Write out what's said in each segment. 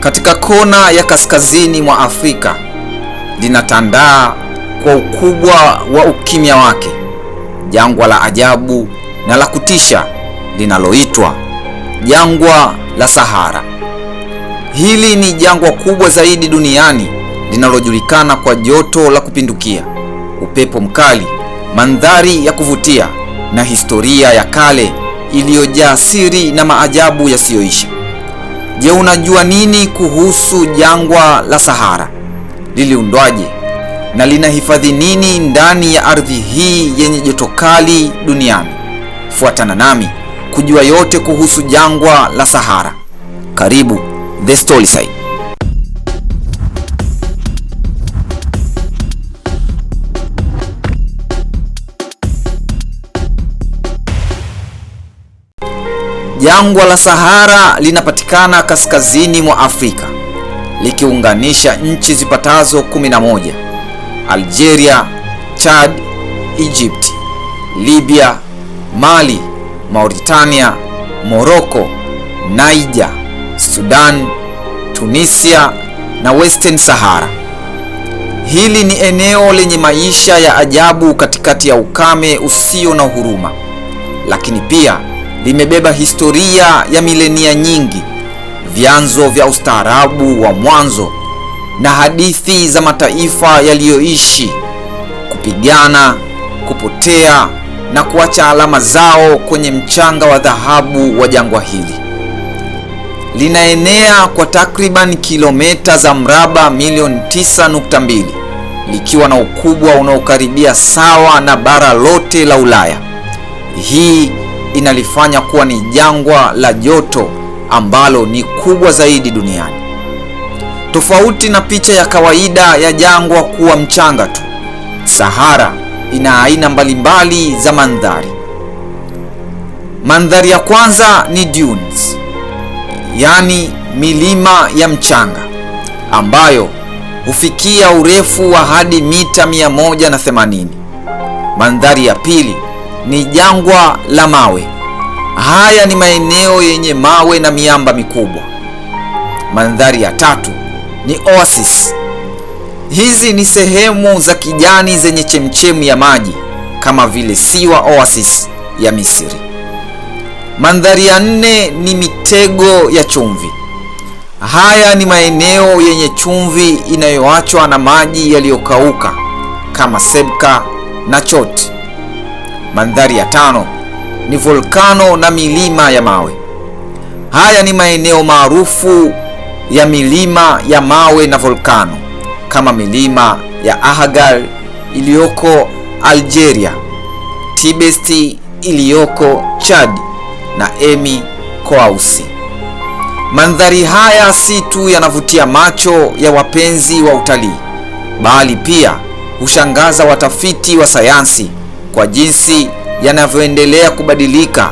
katika kona ya kaskazini mwa Afrika linatandaa kwa ukubwa wa ukimya wake, jangwa la ajabu na la kutisha linaloitwa jangwa la Sahara. Hili ni jangwa kubwa zaidi duniani linalojulikana kwa joto la kupindukia, upepo mkali, mandhari ya kuvutia na historia ya kale iliyojaa siri na maajabu yasiyoisha. Je, unajua nini kuhusu jangwa la Sahara? Liliundwaje na linahifadhi nini ndani ya ardhi hii yenye joto kali duniani? Fuatana nami kujua yote kuhusu jangwa la Sahara. Karibu The Storyside. Jangwa la Sahara linapatikana kaskazini mwa Afrika likiunganisha nchi zipatazo 11: Algeria, Chad, Egypt, Libya, Mali, Mauritania, Morocco, Niger, Sudan, Tunisia na Western Sahara. Hili ni eneo lenye maisha ya ajabu katikati ya ukame usio na huruma, lakini pia limebeba historia ya milenia nyingi, vyanzo vya ustaarabu wa mwanzo na hadithi za mataifa yaliyoishi, kupigana, kupotea na kuacha alama zao kwenye mchanga wa dhahabu wa jangwa hili. Linaenea kwa takriban kilomita za mraba milioni 9.2 likiwa na ukubwa unaokaribia sawa na bara lote la Ulaya. Hii inalifanya kuwa ni jangwa la joto ambalo ni kubwa zaidi duniani, tofauti na picha ya kawaida ya jangwa kuwa mchanga tu. Sahara ina aina mbalimbali za mandhari. Mandhari ya kwanza ni dunes, yaani milima ya mchanga ambayo hufikia urefu wa hadi mita 180. Mandhari ya pili ni jangwa la mawe. Haya ni maeneo yenye mawe na miamba mikubwa. Mandhari ya tatu ni oasis. Hizi ni sehemu za kijani zenye chemchemi ya maji kama vile siwa oasis ya Misri. Mandhari ya nne ni mitego ya chumvi. Haya ni maeneo yenye chumvi inayoachwa na maji yaliyokauka kama Sebka na Choti. Mandhari ya tano ni volkano na milima ya mawe. Haya ni maeneo maarufu ya milima ya mawe na volkano kama milima ya Ahaggar iliyoko Algeria, Tibesti iliyoko Chad na Emi Koussi. Mandhari haya si tu yanavutia macho ya wapenzi wa utalii, bali pia hushangaza watafiti wa sayansi kwa jinsi yanavyoendelea kubadilika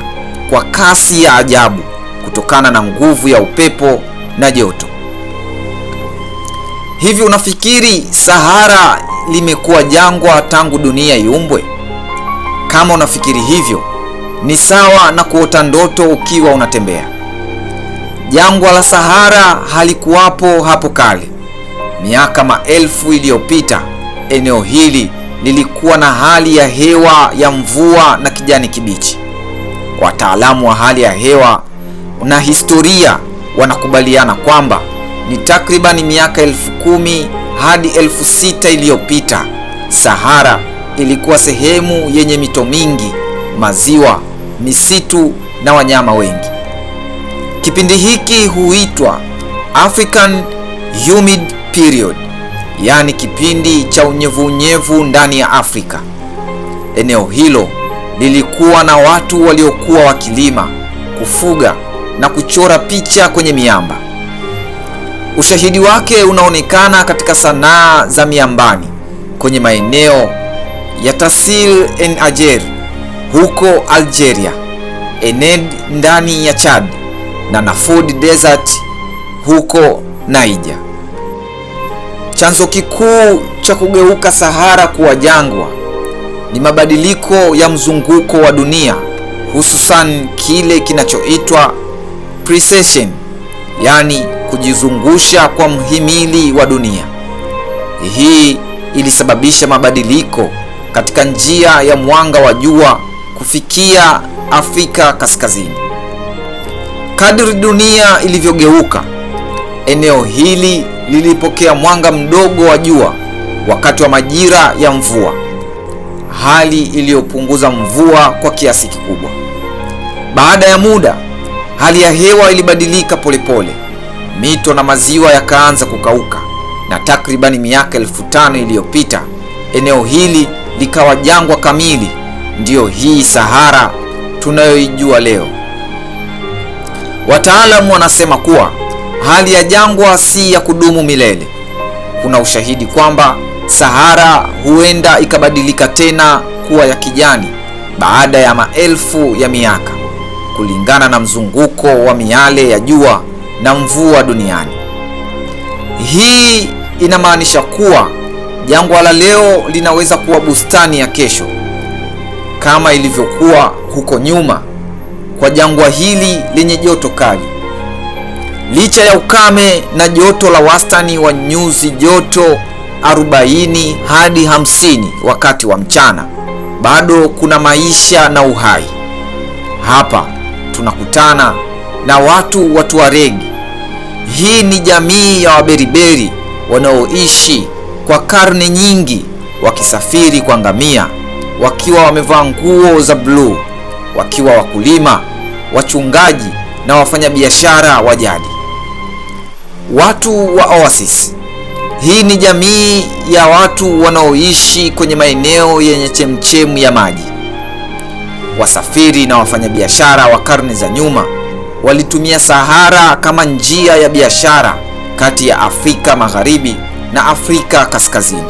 kwa kasi ya ajabu kutokana na nguvu ya upepo na joto. Hivi unafikiri Sahara limekuwa jangwa tangu dunia iumbwe? Kama unafikiri hivyo, ni sawa na kuota ndoto ukiwa unatembea. Jangwa la Sahara halikuwapo hapo kale. Miaka maelfu iliyopita, eneo hili lilikuwa na hali ya hewa ya mvua na kijani kibichi. Wataalamu wa hali ya hewa na historia wanakubaliana kwamba ni takribani miaka elfu kumi hadi elfu sita iliyopita Sahara ilikuwa sehemu yenye mito mingi, maziwa, misitu na wanyama wengi. Kipindi hiki huitwa African Humid Period yaani kipindi cha unyevunyevu ndani ya Afrika. Eneo hilo lilikuwa na watu waliokuwa wakilima, kufuga na kuchora picha kwenye miamba. Ushahidi wake unaonekana katika sanaa za miambani kwenye maeneo ya tasil en Ajer huko Algeria, Ened ndani ya Chad na Nafud Desert huko Niger. Chanzo kikuu cha kugeuka Sahara kuwa jangwa ni mabadiliko ya mzunguko wa dunia, hususan kile kinachoitwa precession, yaani kujizungusha kwa mhimili wa dunia. Hii ilisababisha mabadiliko katika njia ya mwanga wa jua kufikia Afrika Kaskazini. Kadri dunia ilivyogeuka eneo hili lilipokea mwanga mdogo wa jua wakati wa majira ya mvua, hali iliyopunguza mvua kwa kiasi kikubwa. Baada ya muda, hali ya hewa ilibadilika polepole, mito na maziwa yakaanza kukauka, na takribani miaka elfu tano iliyopita eneo hili likawa jangwa kamili, ndiyo hii Sahara tunayoijua leo. Wataalamu wanasema kuwa hali ya jangwa si ya kudumu milele. Kuna ushahidi kwamba Sahara huenda ikabadilika tena kuwa ya kijani baada ya maelfu ya miaka, kulingana na mzunguko wa miale ya jua na mvua duniani. Hii inamaanisha kuwa jangwa la leo linaweza kuwa bustani ya kesho, kama ilivyokuwa huko nyuma kwa jangwa hili lenye joto kali. Licha ya ukame na joto la wastani wa nyuzi joto 40 hadi 50 wakati wa mchana, bado kuna maisha na uhai. Hapa tunakutana na watu wa Tuaregi. Hii ni jamii ya Waberiberi wanaoishi kwa karne nyingi, wakisafiri kwa ngamia, wakiwa wamevaa nguo za bluu, wakiwa wakulima, wachungaji na wafanyabiashara wa jadi. Watu wa Oasis. Hii ni jamii ya watu wanaoishi kwenye maeneo yenye chemchemu ya maji. Wasafiri na wafanyabiashara wa karne za nyuma walitumia Sahara kama njia ya biashara kati ya Afrika Magharibi na Afrika Kaskazini.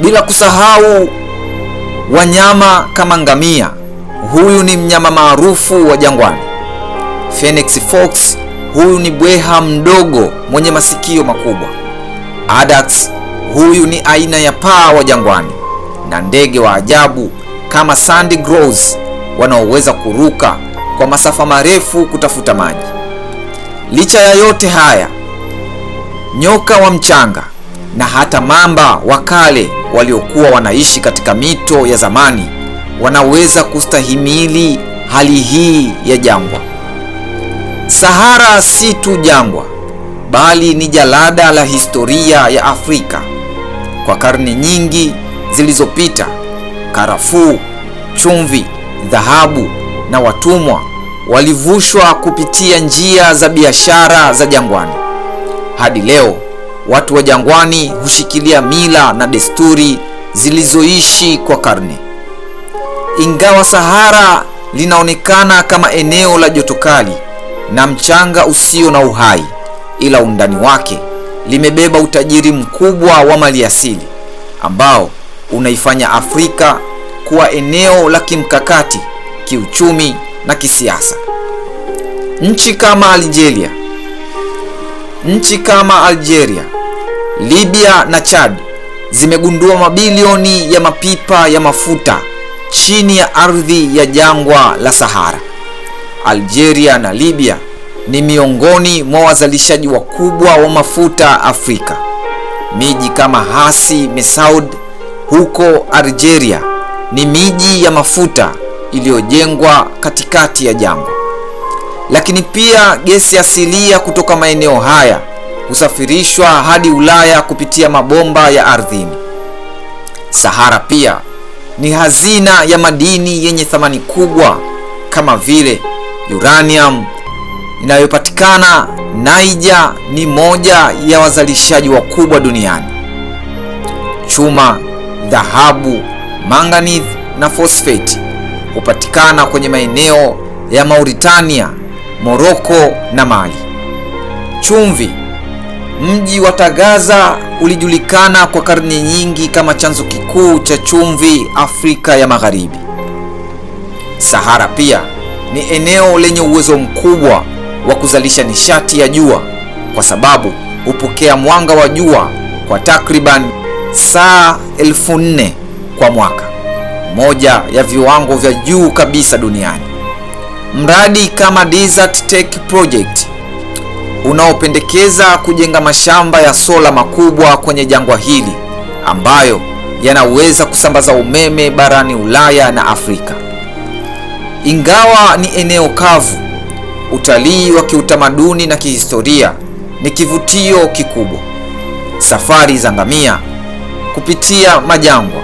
Bila kusahau wanyama kama ngamia. Huyu ni mnyama maarufu wa jangwani. Phoenix Fox huyu ni bweha mdogo mwenye masikio makubwa. Adax, huyu ni aina ya paa wa jangwani na ndege wa ajabu kama Sandy Grouse wanaoweza kuruka kwa masafa marefu kutafuta maji. Licha ya yote haya, nyoka wa mchanga na hata mamba wa kale waliokuwa wanaishi katika mito ya zamani wanaweza kustahimili hali hii ya jangwa. Sahara si tu jangwa, bali ni jalada la historia ya Afrika. Kwa karne nyingi zilizopita, karafuu, chumvi, dhahabu na watumwa walivushwa kupitia njia za biashara za jangwani. Hadi leo watu wa jangwani hushikilia mila na desturi zilizoishi kwa karne. Ingawa Sahara linaonekana kama eneo la joto kali na mchanga usio na uhai, ila undani wake limebeba utajiri mkubwa wa maliasili ambao unaifanya Afrika kuwa eneo la kimkakati kiuchumi na kisiasa. Nchi kama Algeria, nchi kama Algeria, Libya na Chad zimegundua mabilioni ya mapipa ya mafuta chini ya ardhi ya jangwa la Sahara. Algeria na Libya ni miongoni mwa wazalishaji wakubwa wa mafuta Afrika. Miji kama hasi Messaoud huko Algeria ni miji ya mafuta iliyojengwa katikati ya jangwa. Lakini pia gesi asilia kutoka maeneo haya husafirishwa hadi Ulaya kupitia mabomba ya ardhini. Sahara pia ni hazina ya madini yenye thamani kubwa kama vile uranium inayopatikana Niger ni moja ya wazalishaji wakubwa duniani. Chuma, dhahabu, manganese na fosfeti hupatikana kwenye maeneo ya Mauritania, Moroko na Mali. Chumvi, mji wa Tagaza ulijulikana kwa karne nyingi kama chanzo kikuu cha chumvi Afrika ya Magharibi. Sahara pia ni eneo lenye uwezo mkubwa wa kuzalisha nishati ya jua kwa sababu hupokea mwanga wa jua kwa takriban saa elfu nne kwa mwaka, moja ya viwango vya juu kabisa duniani. Mradi kama Desert Tech Project unaopendekeza kujenga mashamba ya sola makubwa kwenye jangwa hili ambayo yanaweza kusambaza umeme barani Ulaya na Afrika. Ingawa ni eneo kavu, utalii wa kiutamaduni na kihistoria ni kivutio kikubwa. Safari za ngamia kupitia majangwa,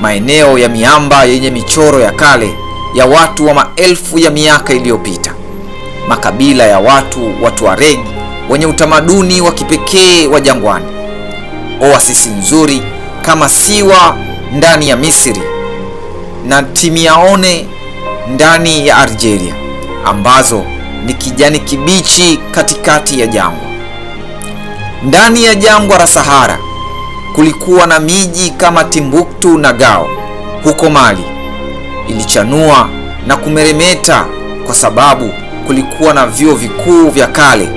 maeneo ya miamba yenye michoro ya kale ya watu wa maelfu ya miaka iliyopita, makabila ya watu wa Tuareg wenye utamaduni wa kipekee wa jangwani, oasisi nzuri kama Siwa ndani ya Misri na Timiaone ndani ya Algeria ambazo ni kijani kibichi katikati ya jangwa. Ndani ya jangwa la Sahara kulikuwa na miji kama Timbuktu na Gao huko Mali. Ilichanua na kumeremeta kwa sababu kulikuwa na vyuo vikuu vya kale,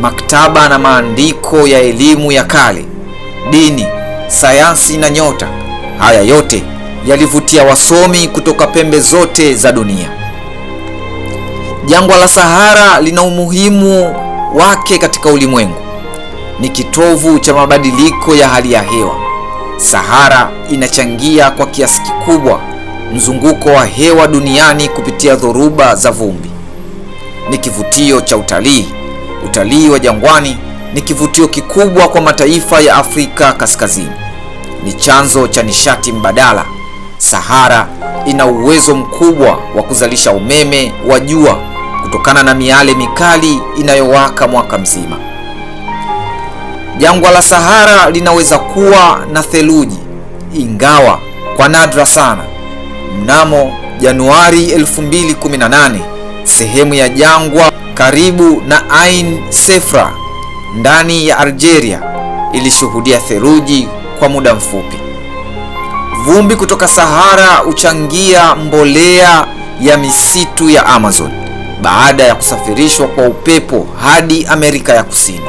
maktaba na maandiko ya elimu ya kale, dini, sayansi na nyota. Haya yote yalivutia wasomi kutoka pembe zote za dunia. Jangwa la Sahara lina umuhimu wake katika ulimwengu. Ni kitovu cha mabadiliko ya hali ya hewa. Sahara inachangia kwa kiasi kikubwa mzunguko wa hewa duniani kupitia dhoruba za vumbi. Ni kivutio cha utalii. Utalii wa jangwani ni kivutio kikubwa kwa mataifa ya Afrika Kaskazini. Ni chanzo cha nishati mbadala Sahara ina uwezo mkubwa wa kuzalisha umeme wa jua kutokana na miale mikali inayowaka mwaka mzima. Jangwa la Sahara linaweza kuwa na theluji, ingawa kwa nadra sana. Mnamo Januari 2018, sehemu ya jangwa karibu na Ain Sefra ndani ya Algeria ilishuhudia theluji kwa muda mfupi. Vumbi kutoka Sahara huchangia mbolea ya misitu ya Amazon baada ya kusafirishwa kwa upepo hadi Amerika ya Kusini.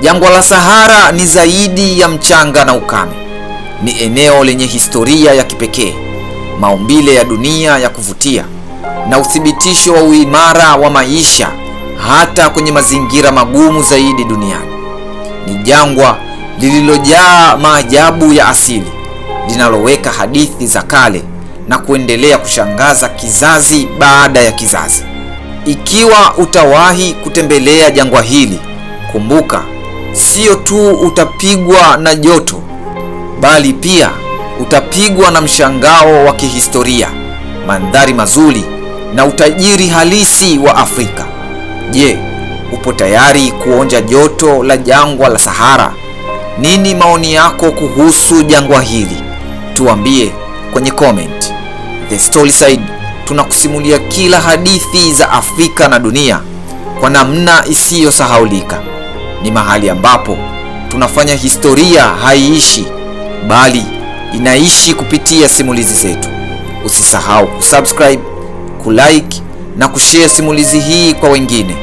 Jangwa la Sahara ni zaidi ya mchanga na ukame. Ni eneo lenye historia ya kipekee, maumbile ya dunia ya kuvutia na uthibitisho wa uimara wa maisha hata kwenye mazingira magumu zaidi duniani. Ni jangwa lililojaa maajabu ya asili linaloweka hadithi za kale na kuendelea kushangaza kizazi baada ya kizazi. Ikiwa utawahi kutembelea jangwa hili, kumbuka, sio tu utapigwa na joto, bali pia utapigwa na mshangao wa kihistoria, mandhari mazuri na utajiri halisi wa Afrika. Je, upo tayari kuonja joto la jangwa la Sahara? Nini maoni yako kuhusu jangwa hili? tuambie kwenye comment. The Side tunakusimulia kila hadithi za Afrika na dunia kwa namna isiyosahaulika. Ni mahali ambapo tunafanya historia haiishi bali inaishi kupitia simulizi zetu. Usisahau kusubscribe, kulike na kushare simulizi hii kwa wengine.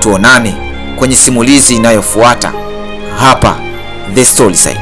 Tuonane kwenye simulizi inayofuata hapa The Side.